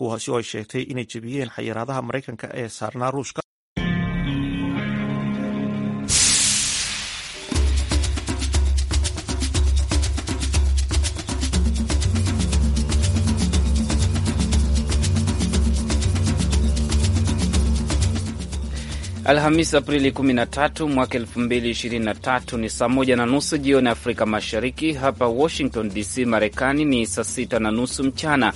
kuwaasi oo ay sheegtay inay jebiyeen xayiraadaha maraykanka ee saarnaa ruushka Alhamis, Aprili 13 mwaka 2023 ni saa moja na nusu jioni Afrika Mashariki. Hapa Washington DC, Marekani ni saa sita na nusu mchana.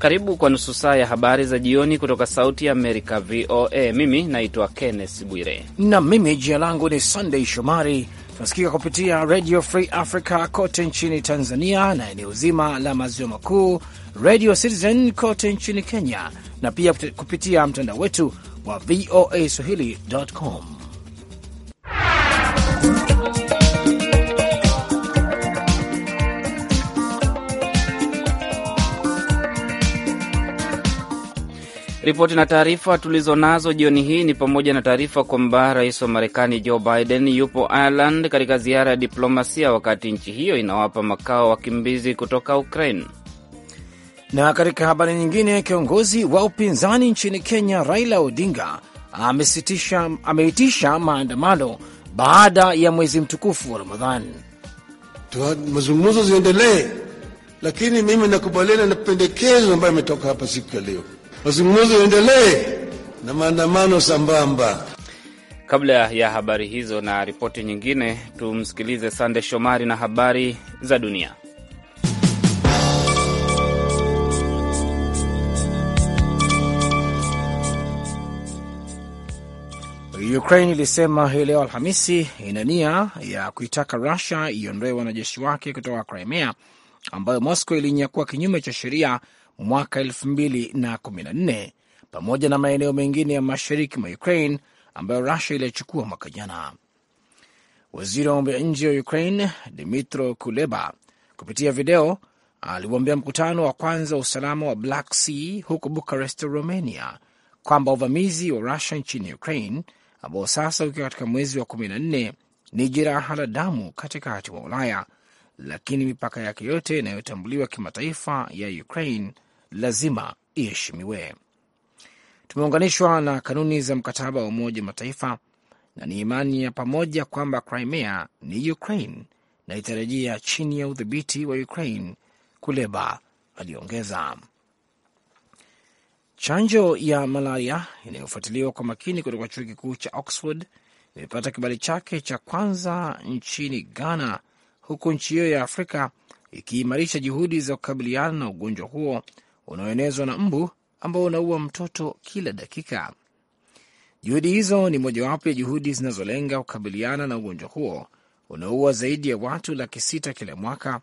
Karibu kwa nusu saa ya habari za jioni kutoka Sauti ya Amerika, VOA. Mimi naitwa kennes Bwire na mimi jina langu ni Sunday Shomari. Tunasikika kupitia Radio Free Africa kote nchini Tanzania na eneo zima la maziwa makuu, Radio Citizen kote nchini Kenya na pia kupitia mtandao wetu wa voa swahili.com. Ripoti na taarifa tulizonazo jioni hii ni pamoja na taarifa kwamba rais wa Marekani Joe Biden yupo Ireland katika ziara ya diplomasia, wakati nchi hiyo inawapa makao wakimbizi kutoka Ukraine. Na katika habari nyingine, kiongozi wa upinzani nchini Kenya Raila Odinga amesitisha, ameitisha maandamano baada ya mwezi mtukufu wa Ramadhani. Mazungumzo ziendelee, lakini mimi nakubaliana na pendekezo ambayo ametoka hapa siku ya leo mazungumzo yaendelee na maandamano sambamba. Kabla ya habari hizo na ripoti nyingine, tumsikilize Sande Shomari na habari za dunia. Ukraine ilisema hii leo Alhamisi ina nia ya kuitaka Rusia iondoe wanajeshi wake kutoka Crimea ambayo Moscow ilinyakua kinyume cha sheria mwaka 2014 pamoja na maeneo mengine ya mashariki mwa Ukraine ambayo Rusia ilichukua mwaka jana. Waziri wa mambo ya nje wa Ukraine Dmitro Kuleba kupitia video aliuambia mkutano wa kwanza wa usalama wa Black Sea huko Bucharest, Romania, kwamba uvamizi wa Rusia nchini Ukraine ambao sasa ukiwa katika mwezi wa 14 ni jeraha la damu katikati wa Ulaya, lakini mipaka yake yote inayotambuliwa kimataifa ya Ukraine lazima iheshimiwe. Tumeunganishwa na kanuni za mkataba wa Umoja Mataifa na ni imani ya pamoja kwamba Crimea ni Ukraine na itarajia chini ya udhibiti wa Ukraine, Kuleba aliongeza. Chanjo ya malaria inayofuatiliwa kwa makini kutoka chuo kikuu cha Oxford imepata kibali chake cha kwanza nchini Ghana, huku nchi hiyo ya Afrika ikiimarisha juhudi za kukabiliana na ugonjwa huo unaoenezwa na mbu ambao unaua mtoto kila dakika. Juhudi hizo ni mojawapo ya juhudi zinazolenga kukabiliana na ugonjwa huo unaoua zaidi ya watu laki sita kila mwaka,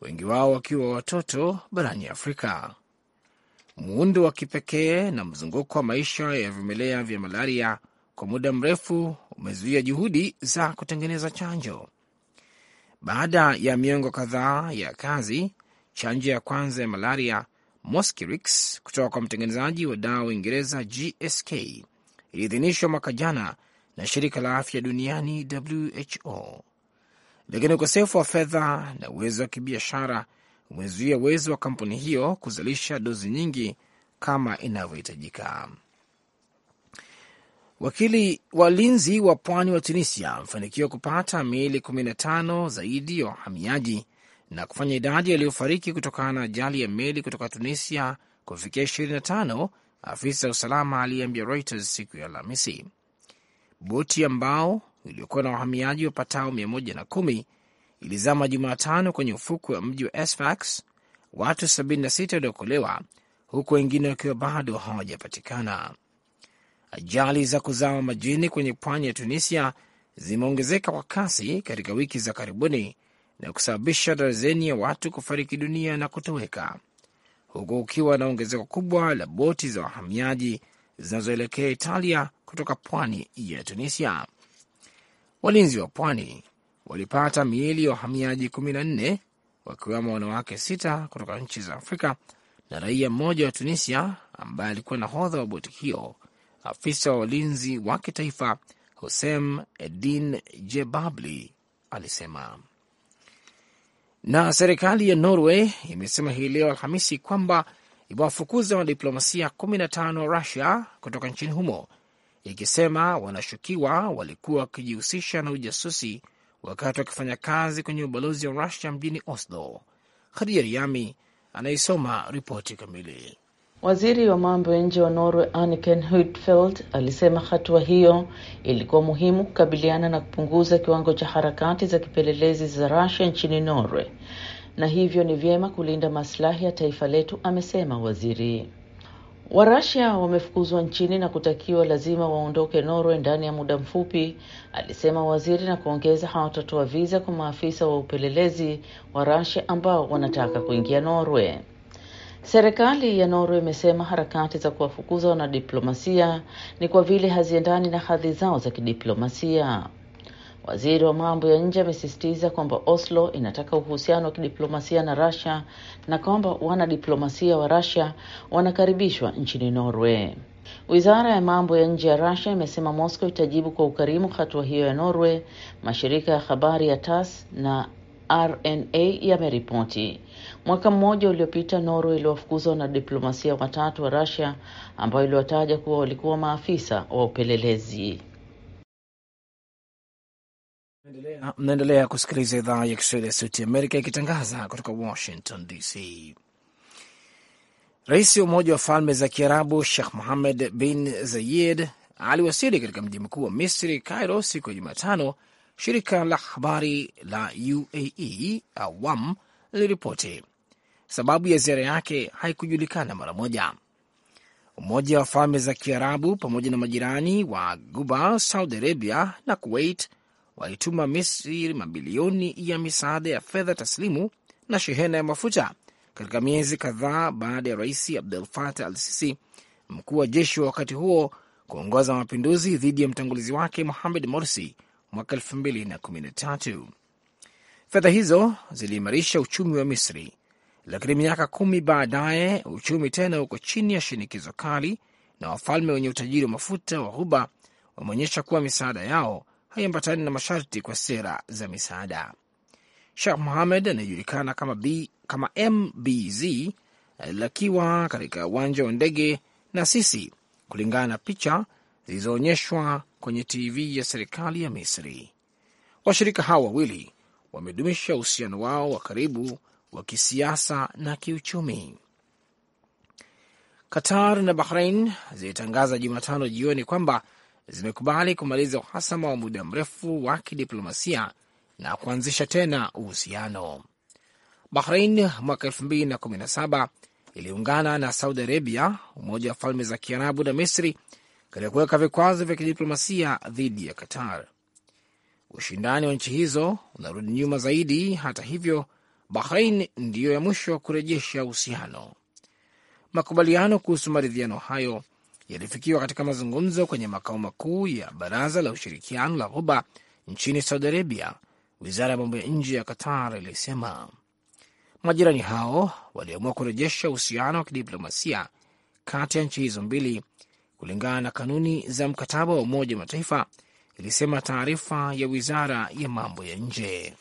wengi wao wakiwa watoto barani Afrika. Muundo wa kipekee na mzunguko wa maisha ya vimelea vya malaria kwa muda mrefu umezuia juhudi za kutengeneza chanjo. Baada ya miongo kadhaa ya kazi, chanjo ya kwanza ya malaria moskirix kutoka kwa mtengenezaji wa dawa Uingereza GSK iliidhinishwa mwaka jana na shirika la afya duniani WHO, lakini ukosefu wa fedha na uwezo wa kibiashara umezuia uwezo wa kampuni hiyo kuzalisha dozi nyingi kama inavyohitajika. Wakili walinzi wa pwani wa Tunisia amefanikiwa kupata miili 15 zaidi ya wahamiaji na kufanya idadi yaliyofariki kutokana na ajali ya meli kutoka Tunisia kufikia 25, afisa usalama aliyeambia Reuters siku ya Alhamisi. Boti ya mbao iliyokuwa na wahamiaji wapatao 11 ilizama Jumatano kwenye ufukwe wa mji wa Sfax. Watu 76 waliokolewa huku wengine wakiwa bado hawajapatikana. Ajali za kuzama majini kwenye pwani ya Tunisia zimeongezeka kwa kasi katika wiki za karibuni na kusababisha darzeni ya watu kufariki dunia na kutoweka, huku ukiwa na ongezeko kubwa la boti za wahamiaji zinazoelekea Italia kutoka pwani ya Tunisia. Walinzi wa pwani walipata miili ya wahamiaji kumi na nne wakiwemo wanawake sita kutoka nchi za Afrika na raia mmoja wa Tunisia ambaye alikuwa nahodha wa boti hiyo. Afisa wa walinzi wa kitaifa Hosem Edin Jebabli alisema. Na serikali ya Norway imesema hii leo Alhamisi kwamba imewafukuza wanadiplomasia 15 wa Rusia kutoka nchini humo, ikisema wanashukiwa walikuwa wakijihusisha na ujasusi wakati wakifanya kazi kwenye ubalozi wa Rusia mjini Oslo. Khadija Riami anaisoma ripoti kamili. Waziri wa mambo ya nje wa Norway Anniken Huitfeldt alisema hatua hiyo ilikuwa muhimu kukabiliana na kupunguza kiwango cha harakati za kipelelezi za Russia nchini Norway, na hivyo ni vyema kulinda maslahi ya taifa letu, amesema waziri. Warasia wamefukuzwa nchini na kutakiwa lazima waondoke Norway ndani ya muda mfupi, alisema waziri, na kuongeza hawatatoa viza kwa maafisa wa upelelezi wa Rasia ambao wanataka kuingia Norway. Serikali ya Norway imesema harakati za kuwafukuza wanadiplomasia ni kwa vile haziendani na hadhi zao za kidiplomasia. Waziri wa mambo ya nje amesisitiza kwamba Oslo inataka uhusiano wa kidiplomasia na Russia na kwamba wanadiplomasia wa Russia wanakaribishwa nchini Norway. Wizara ya mambo ya nje ya Russia imesema Moscow itajibu kwa ukarimu hatua hiyo ya Norway. Mashirika ya habari ya TASS na RNA yameripoti. Mwaka mmoja uliopita, Norway iliwafukuza wanadiplomasia watatu wa Russia ambao iliwataja kuwa walikuwa maafisa wa upelelezi. Mnaendelea kusikiliza idhaa ya Kiswahili ya Sauti Amerika ikitangaza kutoka Washington DC. Rais wa Umoja wa Falme za Kiarabu Sheikh Mohammed bin Zayed aliwasili katika mji mkuu wa Misri, Cairo, siku ya Jumatano shirika la habari la UAE AWAM liliripoti. Sababu ya ziara yake haikujulikana mara moja. Umoja wa Falme za Kiarabu pamoja na majirani wa Guba, Saudi Arabia na Kuwait walituma Misri mabilioni ya misaada ya fedha taslimu na shehena ya mafuta katika miezi kadhaa baada ya Rais Abdel Fattah al Sisi, mkuu wa jeshi wa wakati huo, kuongoza mapinduzi dhidi ya mtangulizi wake Mohamed Morsi mwaka Fedha hizo ziliimarisha uchumi wa Misri, lakini miaka kumi baadaye uchumi tena uko chini ya shinikizo kali, na wafalme wenye utajiri wa mafuta wa Ghuba wameonyesha kuwa misaada yao haiambatani na masharti kwa sera za misaada. Sheikh Mohamed anayejulikana kama, kama MBZ alilakiwa katika uwanja wa ndege na Sisi kulingana na picha zilizoonyeshwa kwenye TV ya serikali ya Misri. Washirika hao wawili wamedumisha uhusiano wao wa karibu wa kisiasa na kiuchumi. Qatar na Bahrain zilitangaza Jumatano jioni kwamba zimekubali kumaliza uhasama wa muda mrefu wa kidiplomasia na kuanzisha tena uhusiano. Bahrain mwaka 2017 iliungana na Saudi Arabia, Umoja wa Falme za Kiarabu na Misri katika kuweka vikwazo vya kidiplomasia dhidi ya Qatar. Ushindani wa nchi hizo unarudi nyuma zaidi. Hata hivyo, Bahrain ndiyo ya mwisho kurejesha uhusiano. Makubaliano kuhusu maridhiano hayo yalifikiwa katika mazungumzo kwenye makao makuu ya Baraza la Ushirikiano la Ghuba nchini Saudi Arabia, wizara ya mambo ya nje ya Qatar ilisema. Majirani hao waliamua kurejesha uhusiano wa kidiplomasia kati ya nchi hizo mbili kulingana na kanuni za mkataba wa Umoja wa Mataifa, ilisema taarifa ya wizara ya mambo ya nje.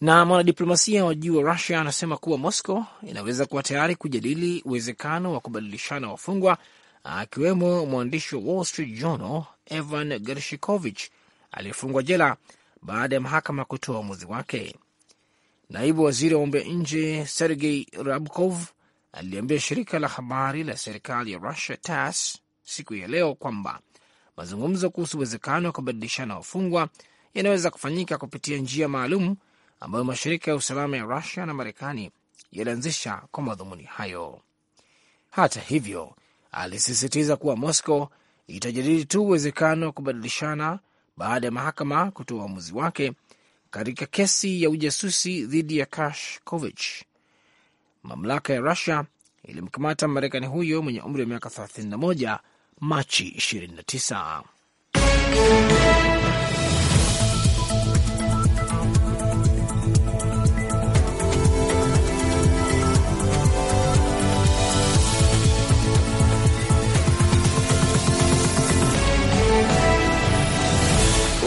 Na mwanadiplomasia wa juu wa Rusia anasema kuwa Moscow inaweza kuwa tayari kujadili uwezekano wa kubadilishana wafungwa, akiwemo mwandishi wa Wall Street Journal Evan Gershikovich aliyefungwa jela baada ya mahakama kutoa uamuzi wake. Naibu waziri wa mambo ya nje Sergei Rabkov aliliambia shirika la habari la serikali ya Russia TASS siku ya leo kwamba mazungumzo kuhusu uwezekano wa kubadilishana wafungwa yanaweza kufanyika kupitia njia maalum ambayo mashirika ya usalama ya Rusia na Marekani yalianzisha kwa madhumuni hayo. Hata hivyo, alisisitiza kuwa Moscow itajadili tu uwezekano wa kubadilishana baada ya mahakama kutoa uamuzi wake katika kesi ya ujasusi dhidi ya Kashkovich Mamlaka ya Rusia ilimkamata Marekani huyo mwenye umri wa miaka 31 Machi 29.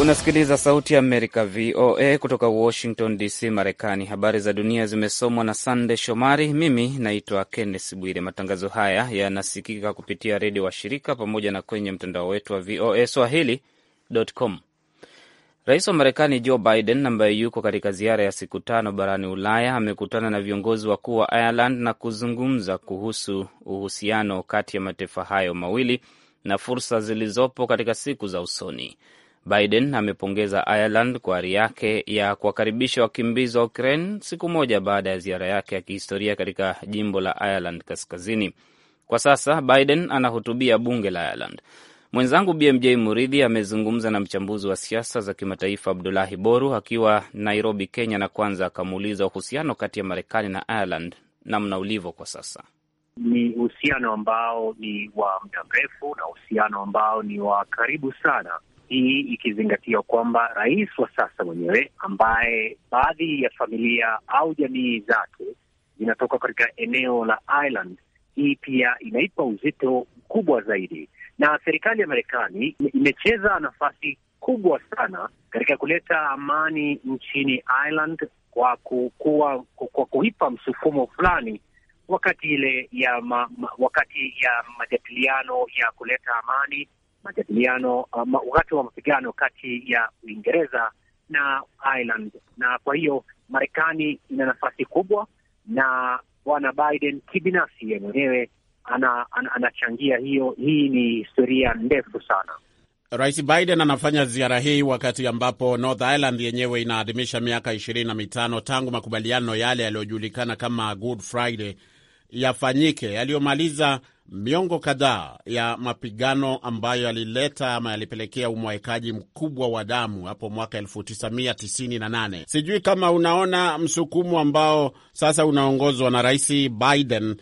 Unasikiliza Sauti ya Amerika, VOA, kutoka Washington DC, Marekani. Habari za dunia zimesomwa na Sande Shomari. Mimi naitwa Kenneth Bwire. Matangazo haya yanasikika kupitia redio wa shirika pamoja na kwenye mtandao wetu wa VOA swahili.com. Rais wa Marekani Joe Biden ambaye yuko katika ziara ya siku tano barani Ulaya amekutana na viongozi wakuu wa Ireland na kuzungumza kuhusu uhusiano kati ya mataifa hayo mawili na fursa zilizopo katika siku za usoni. Biden amepongeza Ireland kwa ari yake ya kuwakaribisha wakimbizi wa Ukraine siku moja baada ya ziara yake ya kihistoria katika jimbo la Ireland Kaskazini. Kwa sasa Biden anahutubia bunge la Ireland. Mwenzangu BMJ Muridhi amezungumza na mchambuzi wa siasa za kimataifa Abdulahi Boru akiwa Nairobi, Kenya, na kwanza akamuuliza uhusiano kati ya Marekani na Ireland namna ulivyo kwa sasa. Ni uhusiano ambao ni wa muda mrefu na uhusiano ambao ni wa karibu sana hii ikizingatia kwamba rais wa sasa mwenyewe ambaye baadhi ya familia au jamii zake zinatoka katika eneo la Ireland, hii pia inaipa uzito mkubwa zaidi, na serikali ya Marekani imecheza nafasi kubwa sana katika kuleta amani nchini Ireland kwa kukua, kwa kuipa msukumo fulani wakati ile ya ma, ma, wakati ya majadiliano ya kuleta amani majadiliano uh, wakati wa mapigano kati ya Uingereza na Ireland, na kwa hiyo Marekani ina nafasi kubwa, na bwana Biden kibinafsi ye mwenyewe ana, ana, anachangia hiyo. Hii ni historia ndefu sana. Rais Biden anafanya ziara hii wakati ambapo North Ireland yenyewe inaadhimisha miaka ishirini na mitano tangu makubaliano yale yaliyojulikana kama Good Friday yafanyike yaliyomaliza miongo kadhaa ya mapigano ambayo yalileta ama yalipelekea umwaekaji mkubwa wa damu hapo mwaka 1998. Sijui kama unaona msukumo ambao sasa unaongozwa na Rais Biden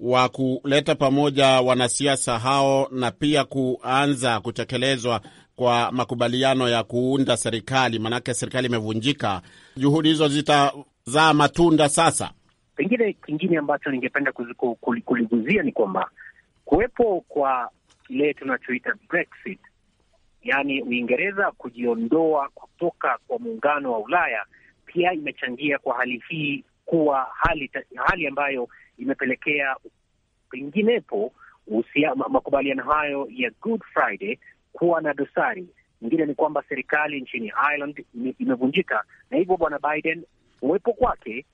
wa kuleta pamoja wanasiasa hao na pia kuanza kutekelezwa kwa makubaliano ya kuunda serikali, maanake serikali imevunjika. Juhudi hizo zitazaa matunda sasa. Pengine kingine ambacho ningependa kuliguzia ni kwamba Kuwepo kwa kile tunachoita Brexit, yaani Uingereza kujiondoa kutoka kwa muungano wa Ulaya, pia imechangia kwa hali hii kuwa hali, hali ambayo imepelekea penginepo makubaliano hayo ya Good Friday kuwa na dosari. Nyingine ni kwamba serikali nchini Ireland imevunjika, na hivyo bwana Biden kuwepo kwake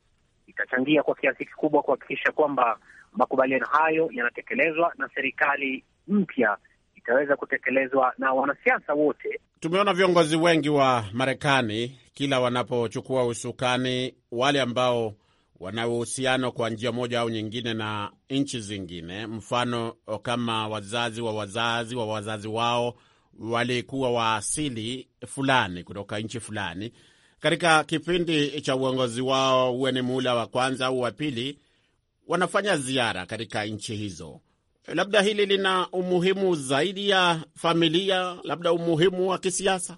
itachangia kwa kiasi kikubwa kuhakikisha kwamba Makubaliano hayo yanatekelezwa na serikali mpya itaweza kutekelezwa na wanasiasa wote. Tumeona viongozi wengi wa Marekani kila wanapochukua usukani, wale ambao wana uhusiano kwa njia moja au nyingine na nchi zingine, mfano kama wazazi wa wazazi wa wazazi wao walikuwa wa asili fulani kutoka nchi fulani, katika kipindi cha uongozi wao, huwe ni muhula wa kwanza au wa pili wanafanya ziara katika nchi hizo. Labda hili lina umuhimu zaidi ya familia, labda umuhimu wa kisiasa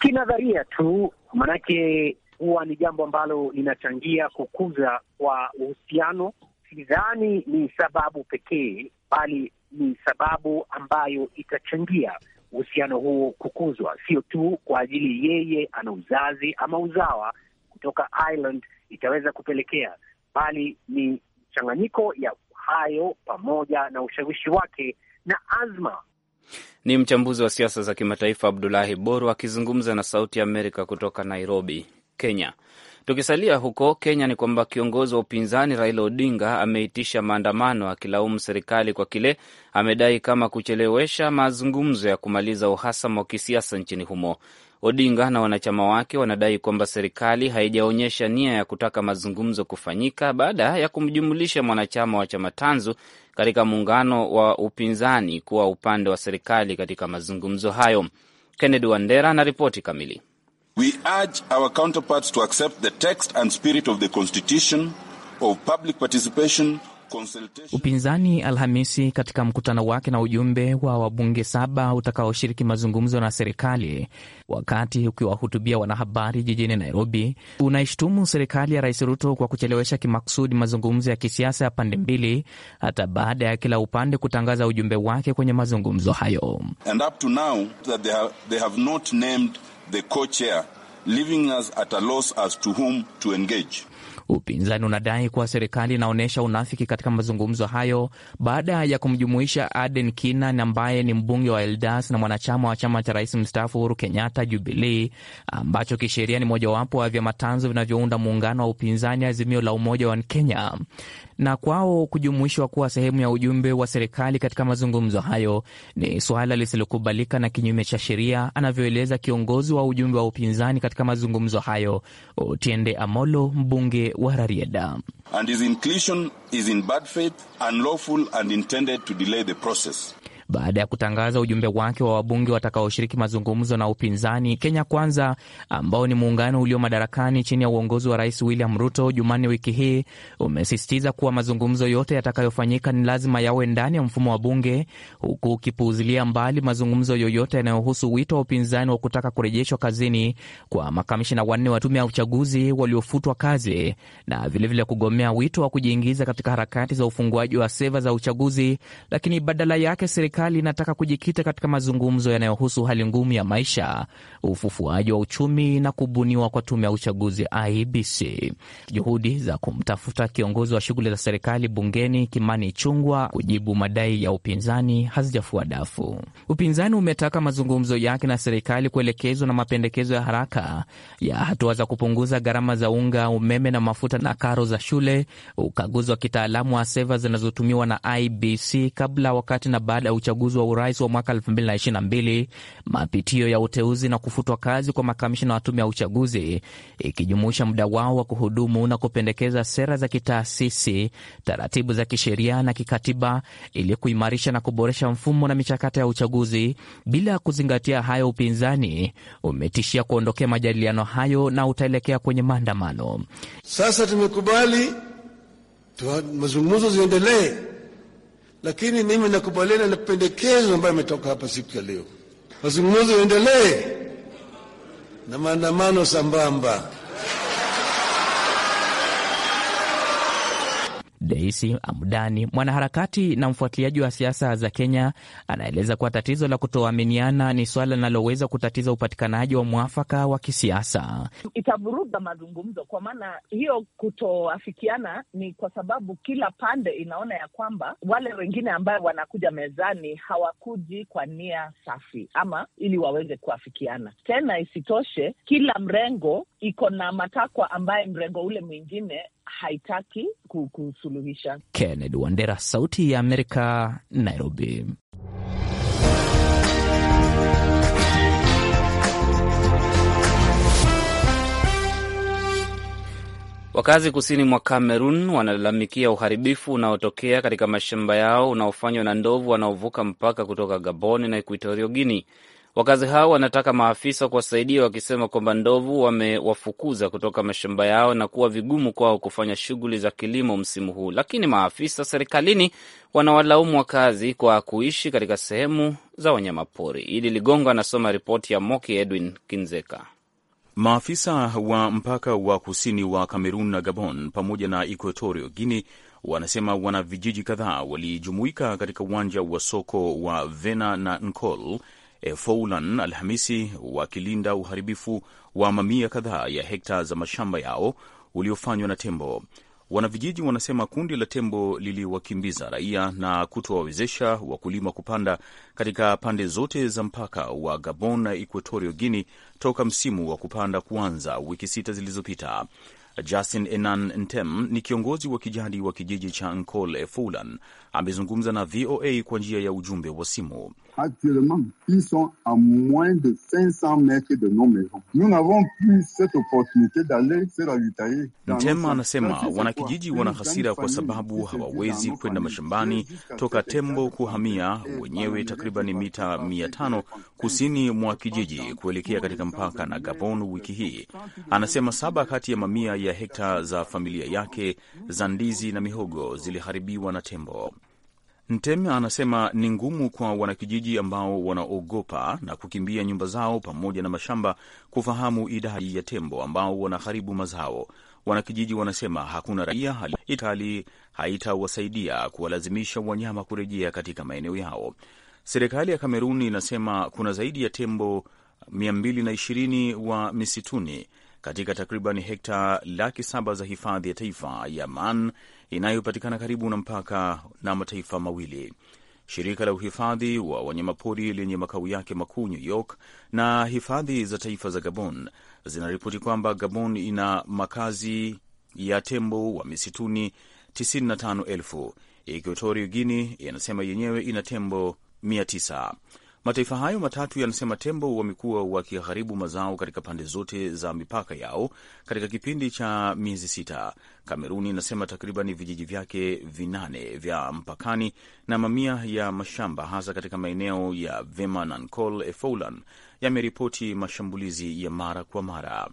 kinadharia tu, maanake huwa ni jambo ambalo linachangia kukuza kwa uhusiano. Sidhani ni sababu pekee, bali ni sababu ambayo itachangia uhusiano huo kukuzwa, sio tu kwa ajili yeye ana uzazi ama uzawa kutoka Ireland itaweza kupelekea bali ni mchanganyiko ya hayo pamoja na ushawishi wake na azma. Ni mchambuzi wa siasa za kimataifa Abdulahi Boru akizungumza na Sauti ya Amerika kutoka Nairobi, Kenya. Tukisalia huko Kenya ni kwamba kiongozi wa upinzani Raila Odinga ameitisha maandamano akilaumu serikali kwa kile amedai kama kuchelewesha mazungumzo ya kumaliza uhasama wa kisiasa nchini humo. Odinga na wanachama wake wanadai kwamba serikali haijaonyesha nia ya kutaka mazungumzo kufanyika baada ya kumjumulisha mwanachama wa chama tanzu katika muungano wa upinzani kuwa upande wa serikali katika mazungumzo hayo. Kennedy Wandera anaripoti kamili. We urge our counterparts to accept the text and spirit of the constitution of public participation. Upinzani Alhamisi katika mkutano wake na ujumbe wa wabunge saba utakaoshiriki mazungumzo na serikali, wakati ukiwahutubia wanahabari jijini Nairobi, unaishtumu serikali ya Rais Ruto kwa kuchelewesha kimakusudi mazungumzo ya kisiasa ya pande mbili hata baada ya kila upande kutangaza ujumbe wake kwenye mazungumzo hayo And up to now, that they have, they have not named the co-chair, leaving us at a loss as to whom to engage. Upinzani unadai kuwa serikali inaonyesha unafiki katika mazungumzo hayo baada ya kumjumuisha Aden Kinan ambaye ni mbunge wa Eldas na mwanachama wa chama cha rais mstaafu Uhuru Kenyatta, Jubilii, ambacho kisheria ni mojawapo wa vyama tanzo vinavyounda muungano wa upinzani Azimio la Umoja wa Kenya, na kwao kujumuishwa kuwa sehemu ya ujumbe wa serikali katika mazungumzo hayo ni suala lisilokubalika na kinyume cha sheria, anavyoeleza kiongozi wa ujumbe wa upinzani katika mazungumzo hayo, Otiende Amolo, mbunge Mwanambuke wa Rarieda. And his inclusion is in bad faith, unlawful and intended to delay the process baada ya kutangaza ujumbe wake wa wabunge watakaoshiriki mazungumzo na upinzani Kenya Kwanza, ambao ni muungano ulio madarakani chini ya uongozi wa Rais William Ruto. Jumanne wiki hii umesisitiza kuwa mazungumzo yote yatakayofanyika ni lazima yawe ndani ya mfumo wa bunge, huku ukipuuzilia mbali mazungumzo yoyote yanayohusu wito wa upinzani wa kutaka kurejeshwa kazini kwa makamishina wanne wa tume ya uchaguzi waliofutwa kazi na vilevile vile kugomea wito wa kujiingiza katika harakati za ufunguaji wa seva za uchaguzi, lakini badala yake serikali serikali inataka kujikita katika mazungumzo yanayohusu hali ngumu ya maisha, ufufuaji wa uchumi na kubuniwa kwa tume ya uchaguzi IBC. E Juhudi za kumtafuta kiongozi wa shughuli za serikali bungeni Kimani Chungwa kujibu madai ya upinzani hazijafua dafu. Upinzani umetaka mazungumzo yake na serikali kuelekezwa na mapendekezo ya haraka ya hatua za kupunguza gharama za unga, umeme na mafuta na karo za shule, ukaguzi wa kitaalamu wa seva zinazotumiwa na IBC e kabla, wakati na baada ya uchaguzi uchaguzi wa urais wa mwaka 2022, mapitio ya uteuzi na kufutwa kazi kwa makamishina wa tume ya uchaguzi, ikijumuisha muda wao wa kuhudumu na kupendekeza sera za kitaasisi, taratibu za kisheria na kikatiba ili kuimarisha na kuboresha mfumo na michakato ya uchaguzi. Bila kuzingatia hayo, upinzani umetishia kuondokea majadiliano hayo na utaelekea kwenye maandamano. Sasa tumekubali mazungumzo ziendelee lakini mimi nakubaliana na pendekezo ambayo ametoka hapa siku ya leo, mazungumzo yaendelee na maandamano sambamba. Rais Amdani, mwanaharakati na mfuatiliaji wa siasa za Kenya, anaeleza kuwa tatizo la kutoaminiana ni swala linaloweza kutatiza upatikanaji wa mwafaka wa kisiasa. Itavuruga mazungumzo, kwa maana hiyo kutoafikiana ni kwa sababu kila pande inaona ya kwamba wale wengine ambayo wanakuja mezani hawakuji kwa nia safi ama ili waweze kuafikiana. Tena isitoshe, kila mrengo iko na matakwa ambaye mrengo ule mwingine haitaki kusuluhisha kukaribisha. Kennedy Wandera, Sauti ya Amerika, Nairobi. Wakazi kusini mwa Kamerun wanalalamikia uharibifu unaotokea katika mashamba yao unaofanywa na ndovu wanaovuka mpaka kutoka Gabon na Equatorio Guini. Wakazi hao wanataka maafisa kuwasaidia, wakisema kwamba ndovu wamewafukuza kutoka mashamba yao na kuwa vigumu kwao kufanya shughuli za kilimo msimu huu. Lakini maafisa serikalini wanawalaumu wakazi kwa kuishi katika sehemu za wanyamapori. Idi Ligongo anasoma ripoti ya Moki Edwin Kinzeka. Maafisa wa mpaka wa kusini wa Kamerun na Gabon pamoja na Equatorio Guini wanasema wana vijiji kadhaa walijumuika katika uwanja wa soko wa Vena na Nkol E, Foulan Alhamisi wakilinda uharibifu wa mamia kadhaa ya hekta za mashamba yao uliofanywa na tembo. Wanavijiji wanasema kundi la tembo liliwakimbiza raia na kutowawezesha wakulima kupanda katika pande zote za mpaka wa Gabon na Equatorio Guini toka msimu wa kupanda kuanza wiki sita zilizopita. Justin Enan Ntem ni kiongozi wa kijadi wa kijiji cha Nkol Efulan, amezungumza na VOA kwa njia ya ujumbe wa simu. Actuellement, ils sont à moins de 500 mètres de nos maisons. Nous n'avons plus cette opportunité d'aller se ravitailler. Mtema anasema wanakijiji wana hasira kwa sababu hawawezi kwenda mashambani toka tembo kuhamia wenyewe takriban mita mia tano kusini mwa kijiji kuelekea katika mpaka na Gabon. Wiki hii anasema saba kati ya mamia ya hekta za familia yake za ndizi na mihogo ziliharibiwa na tembo. Ntem anasema ni ngumu kwa wanakijiji ambao wanaogopa na kukimbia nyumba zao pamoja na mashamba kufahamu idadi ya tembo ambao wanaharibu mazao. Wanakijiji wanasema hakuna raia, hali haitawasaidia kuwalazimisha wanyama kurejea katika maeneo yao. Serikali ya Kamerun inasema kuna zaidi ya tembo 220 wa misituni katika takriban hekta laki saba za hifadhi ya taifa ya Man inayopatikana karibu na mpaka na mataifa mawili. Shirika la uhifadhi wa wanyamapori lenye makao yake makuu New York na hifadhi za taifa za Gabon zinaripoti kwamba Gabon ina makazi ya tembo wa misituni 95,000 Ekuatorio Guinea inasema yenyewe ina tembo Mataifa hayo matatu yanasema tembo wamekuwa wakiharibu mazao katika pande zote za mipaka yao katika kipindi cha miezi sita. Kameruni inasema takriban vijiji vyake vinane vya mpakani na mamia ya mashamba hasa katika maeneo ya Vema na Nkol Efoulan yameripoti mashambulizi ya mara kwa mara.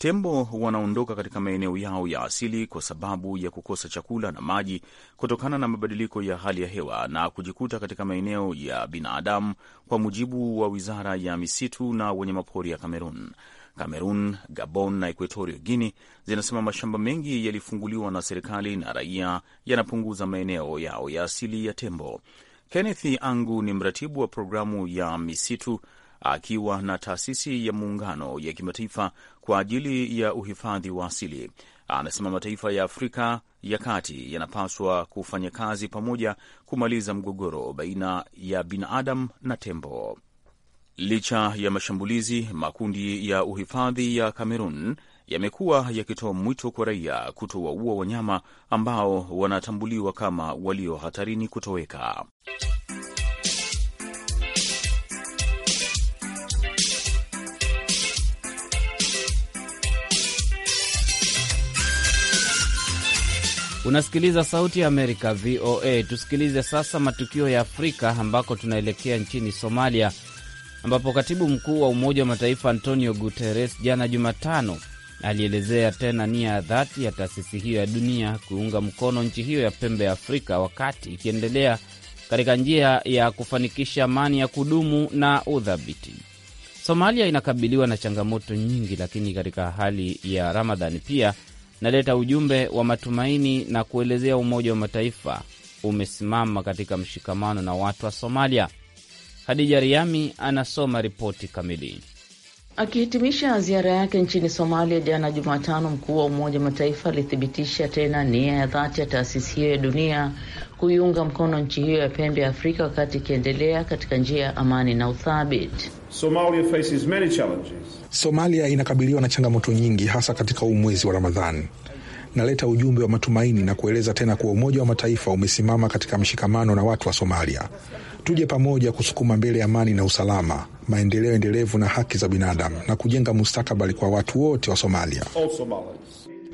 Tembo wanaondoka katika maeneo yao ya asili kwa sababu ya kukosa chakula na maji kutokana na mabadiliko ya hali ya hewa na kujikuta katika maeneo ya binadamu, kwa mujibu wa wizara ya misitu na wanyamapori ya Kamerun. Kamerun, Gabon na Equatorio Guini zinasema mashamba mengi yalifunguliwa na serikali na raia yanapunguza maeneo yao ya asili ya tembo. Kenneth Angu ni mratibu wa programu ya misitu akiwa na taasisi ya muungano ya kimataifa kwa ajili ya uhifadhi wa asili. Anasema mataifa ya Afrika ya kati yanapaswa kufanya kazi pamoja kumaliza mgogoro baina ya binadamu na tembo. Licha ya mashambulizi, makundi ya uhifadhi ya Kamerun yamekuwa yakitoa mwito kwa raia kutowaua wanyama ambao wanatambuliwa kama walio hatarini kutoweka. Unasikiliza Sauti ya Amerika, VOA. Tusikilize sasa matukio ya Afrika ambako tunaelekea nchini Somalia, ambapo katibu mkuu wa Umoja wa Mataifa Antonio Guterres jana Jumatano alielezea tena nia ya dhati ya taasisi hiyo ya dunia kuunga mkono nchi hiyo ya pembe ya Afrika wakati ikiendelea katika njia ya kufanikisha amani ya kudumu na udhabiti. Somalia inakabiliwa na changamoto nyingi, lakini katika hali ya Ramadhani pia naleta ujumbe wa matumaini na kuelezea Umoja wa Mataifa umesimama katika mshikamano na watu wa Somalia. Hadija Riami anasoma ripoti kamili. Akihitimisha ziara yake nchini Somalia jana Jumatano, mkuu wa Umoja wa Mataifa alithibitisha tena nia ya dhati ya taasisi hiyo ya dunia kuiunga mkono nchi hiyo ya pembe ya Afrika wakati ikiendelea katika njia ya amani na uthabiti. Somalia faces many challenges. Somalia inakabiliwa na changamoto nyingi hasa katika huu mwezi wa Ramadhani. Naleta ujumbe wa matumaini na kueleza tena kuwa Umoja wa Mataifa umesimama katika mshikamano na watu wa Somalia. Tuje pamoja kusukuma mbele amani na usalama, maendeleo endelevu na haki za binadamu na kujenga mustakabali kwa watu wote wa Somalia.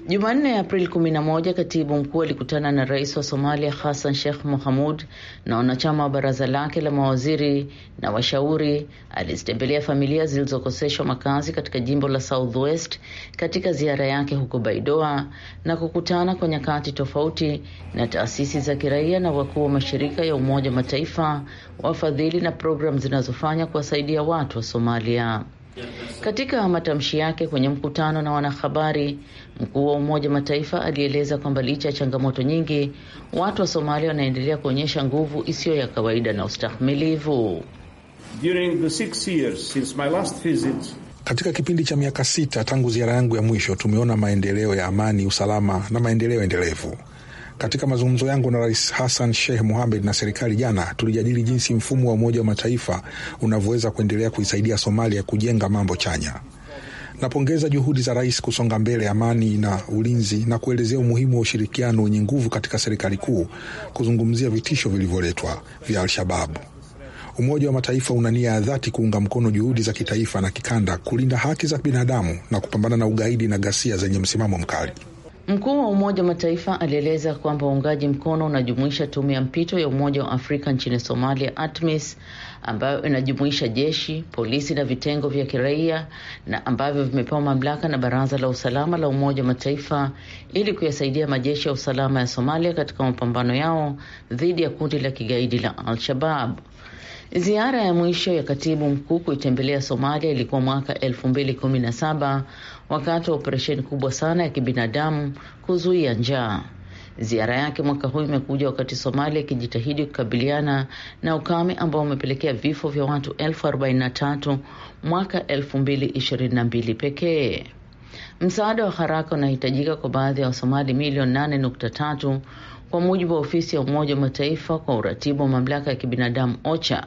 Jumanne, Aprili 11, katibu mkuu alikutana na rais wa Somalia Hassan Sheikh Mohamud na wanachama wa baraza lake la mawaziri na washauri. Alizitembelea familia zilizokoseshwa makazi katika jimbo la Southwest katika ziara yake huko Baidoa na kukutana kwa nyakati tofauti na taasisi za kiraia na wakuu wa mashirika ya Umoja Mataifa, wafadhili na programu zinazofanya kuwasaidia watu wa Somalia. Katika matamshi yake kwenye mkutano na wanahabari, mkuu wa Umoja Mataifa alieleza kwamba licha ya changamoto nyingi, watu wa Somalia wanaendelea kuonyesha nguvu isiyo ya kawaida na ustahimilivu. Katika kipindi cha miaka sita tangu ziara yangu ya mwisho, tumeona maendeleo ya amani, usalama na maendeleo endelevu. Katika mazungumzo yangu na Rais Hassan Sheikh Mohamed na serikali jana, tulijadili jinsi mfumo wa Umoja wa Mataifa unavyoweza kuendelea kuisaidia Somalia kujenga mambo chanya. Napongeza juhudi za rais kusonga mbele amani na ulinzi na kuelezea umuhimu wa ushirikiano wenye nguvu katika serikali kuu kuzungumzia vitisho vilivyoletwa vya Al-Shababu. Umoja wa Mataifa una nia ya dhati kuunga mkono juhudi za kitaifa na kikanda kulinda haki za binadamu na kupambana na ugaidi na ghasia zenye msimamo mkali. Mkuu wa Umoja wa Mataifa alieleza kwamba uungaji mkono unajumuisha tume ya mpito ya Umoja wa Afrika nchini Somalia, ATMIS, ambayo inajumuisha jeshi, polisi na vitengo vya kiraia na ambavyo vimepewa mamlaka na Baraza la Usalama la Umoja wa Mataifa ili kuyasaidia majeshi ya usalama ya Somalia katika mapambano yao dhidi ya kundi la kigaidi la Al-Shabab. Ziara ya mwisho ya katibu mkuu kuitembelea Somalia ilikuwa mwaka 2017 wakati wa operesheni kubwa sana ya kibinadamu kuzuia njaa. Ziara yake mwaka huu imekuja wakati Somalia ikijitahidi kukabiliana na ukame ambao umepelekea vifo vya watu elfu arobaini na tatu mwaka elfu mbili ishirini na mbili pekee. Msaada wa haraka unahitajika kwa baadhi ya Wasomali milioni nane nukta tatu kwa mujibu wa ofisi ya Umoja wa Mataifa kwa uratibu wa mamlaka ya kibinadamu OCHA,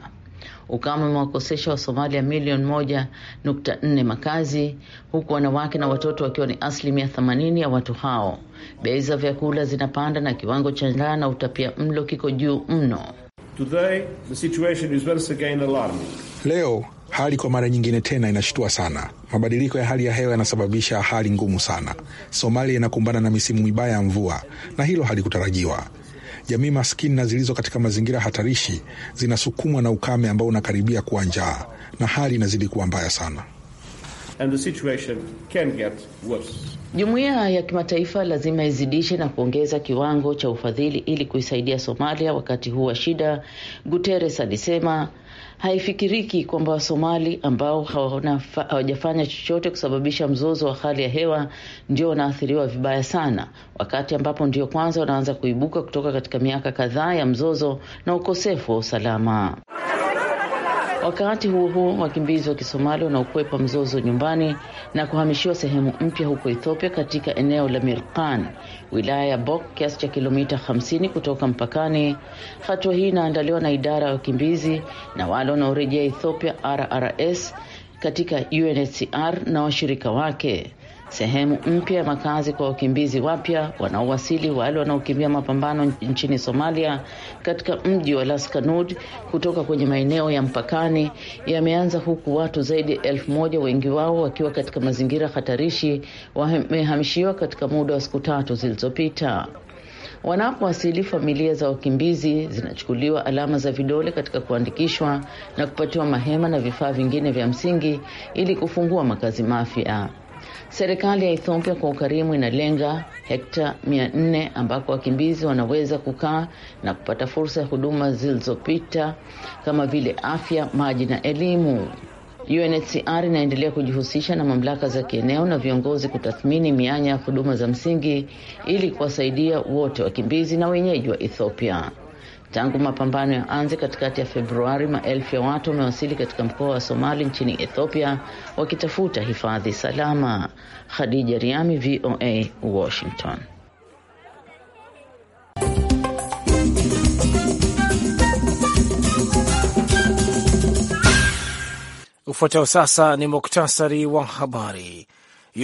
ukame umewakosesha wa Somalia milioni moja nukta nne makazi, huku wanawake na watoto wakiwa ni asilimia themanini ya watu hao. Bei za vyakula zinapanda na kiwango cha njaa na utapia mlo kiko juu mno. Today, the situation is once again alarming. Leo Hali kwa mara nyingine tena inashtua sana. Mabadiliko ya hali ya hewa yanasababisha hali ngumu sana. Somalia inakumbana na misimu mibaya ya mvua, na hilo halikutarajiwa. Jamii maskini na zilizo katika mazingira hatarishi zinasukumwa na ukame ambao unakaribia kuwa njaa, na hali inazidi kuwa mbaya sana. Jumuiya ya kimataifa lazima izidishe na kuongeza kiwango cha ufadhili ili kuisaidia Somalia wakati huu wa shida, Guterres alisema, Haifikiriki kwamba Wasomali ambao hawajafanya chochote kusababisha mzozo wa hali ya hewa ndio wanaathiriwa vibaya sana, wakati ambapo ndio kwanza wanaanza kuibuka kutoka katika miaka kadhaa ya mzozo na ukosefu wa usalama. Wakati huo huo, wakimbizi wa Kisomali wanaokwepa mzozo nyumbani na kuhamishiwa sehemu mpya huko Ethiopia katika eneo la Mirkan, wilaya ya Bok, kiasi cha kilomita 50 kutoka mpakani. Hatua hii inaandaliwa na idara ya wakimbizi na wale wanaorejea Ethiopia RRS katika UNHCR na washirika wake sehemu mpya ya makazi kwa wakimbizi wapya wanaowasili, wale wanaokimbia mapambano nchini Somalia, katika mji wa Laskanud kutoka kwenye maeneo ya mpakani yameanza, huku watu zaidi ya elfu moja wengi wao wakiwa katika mazingira hatarishi wamehamishiwa katika muda wa siku tatu zilizopita. Wanapowasili, familia za wakimbizi zinachukuliwa alama za vidole katika kuandikishwa na kupatiwa mahema na vifaa vingine vya msingi ili kufungua makazi mapya. Serikali ya Ethiopia kwa ukarimu inalenga hekta mia nne ambako wakimbizi wanaweza kukaa na kupata fursa ya huduma zilizopita kama vile afya, maji na elimu. UNHCR inaendelea kujihusisha na mamlaka za kieneo na viongozi kutathmini mianya ya huduma za msingi ili kuwasaidia wote wakimbizi na wenyeji wa Ethiopia. Tangu mapambano ya anzi katikati ya Februari, maelfu ya watu wamewasili katika mkoa wa Somali nchini Ethiopia wakitafuta hifadhi salama. Khadija Riami, VOA, Washington. Ufuatao sasa ni muktasari wa habari.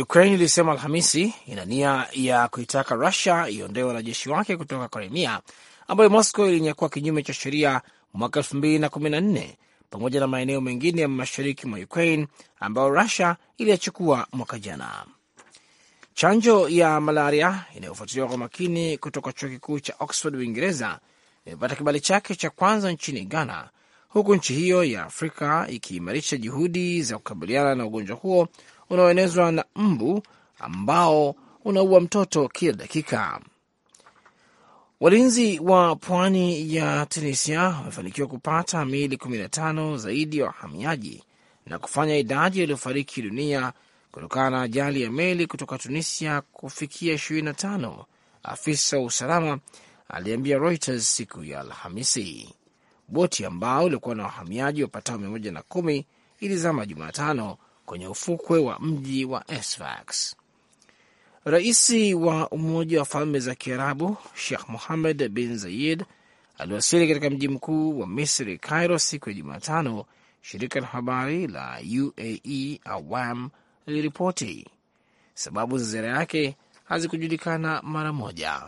Ukraine ilisema Alhamisi ina nia ya kuitaka Rusia iondoe wanajeshi wake kutoka Crimea ambayo Moscow ilinyakua kinyume cha sheria mwaka nne pamoja na maeneo mengine ya mashariki mwa Ukraine ambayo Rusia iliyachukua mwaka jana. Chanjo ya malaria inayofuatiliwa kwa makini kutoka chuo kikuu cha Oxford, Uingereza, imepata kibali chake cha kwanza nchini Ghana, huku nchi hiyo ya Afrika ikiimarisha juhudi za kukabiliana na ugonjwa huo unaoenezwa na mbu ambao unaua mtoto kila dakika. Walinzi wa pwani ya Tunisia wamefanikiwa kupata miili 15 zaidi ya wa wahamiaji na kufanya idadi yaliyofariki dunia kutokana na ajali ya meli kutoka Tunisia kufikia 25, afisa wa usalama aliambia Reuters siku ya Alhamisi. Boti ambao ilikuwa na wahamiaji wapatao 110 ilizama Jumatano kwenye ufukwe wa mji wa Sfax. Rais wa Umoja wa Falme za Kiarabu Sheikh Mohammed bin Zayed aliwasili katika mji mkuu wa Misri, Cairo, siku ya Jumatano, shirika la habari la UAE Awam liliripoti. Sababu za ziara yake hazikujulikana mara moja.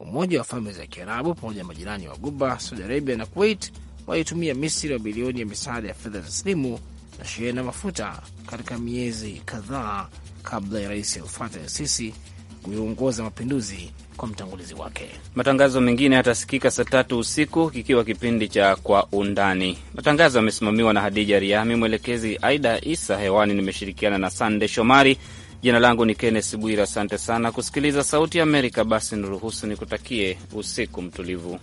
Umoja wa Falme za Kiarabu pamoja na majirani wa Guba, Saudi Arabia na Kuwait walitumia Misri mabilioni ya misaada ya fedha taslimu na shehena mafuta katika miezi kadhaa kabla ya Rais Alfata ya Sisi kuiongoza mapinduzi kwa mtangulizi wake. Matangazo mengine yatasikika saa tatu usiku kikiwa kipindi cha Kwa Undani. Matangazo yamesimamiwa na Hadija Riami, mwelekezi Aida Isa. Hewani nimeshirikiana na Sande Shomari. Jina langu ni Kennes Bwira. Asante sana kusikiliza Sauti ya Amerika. Basi niruhusu nikutakie usiku mtulivu.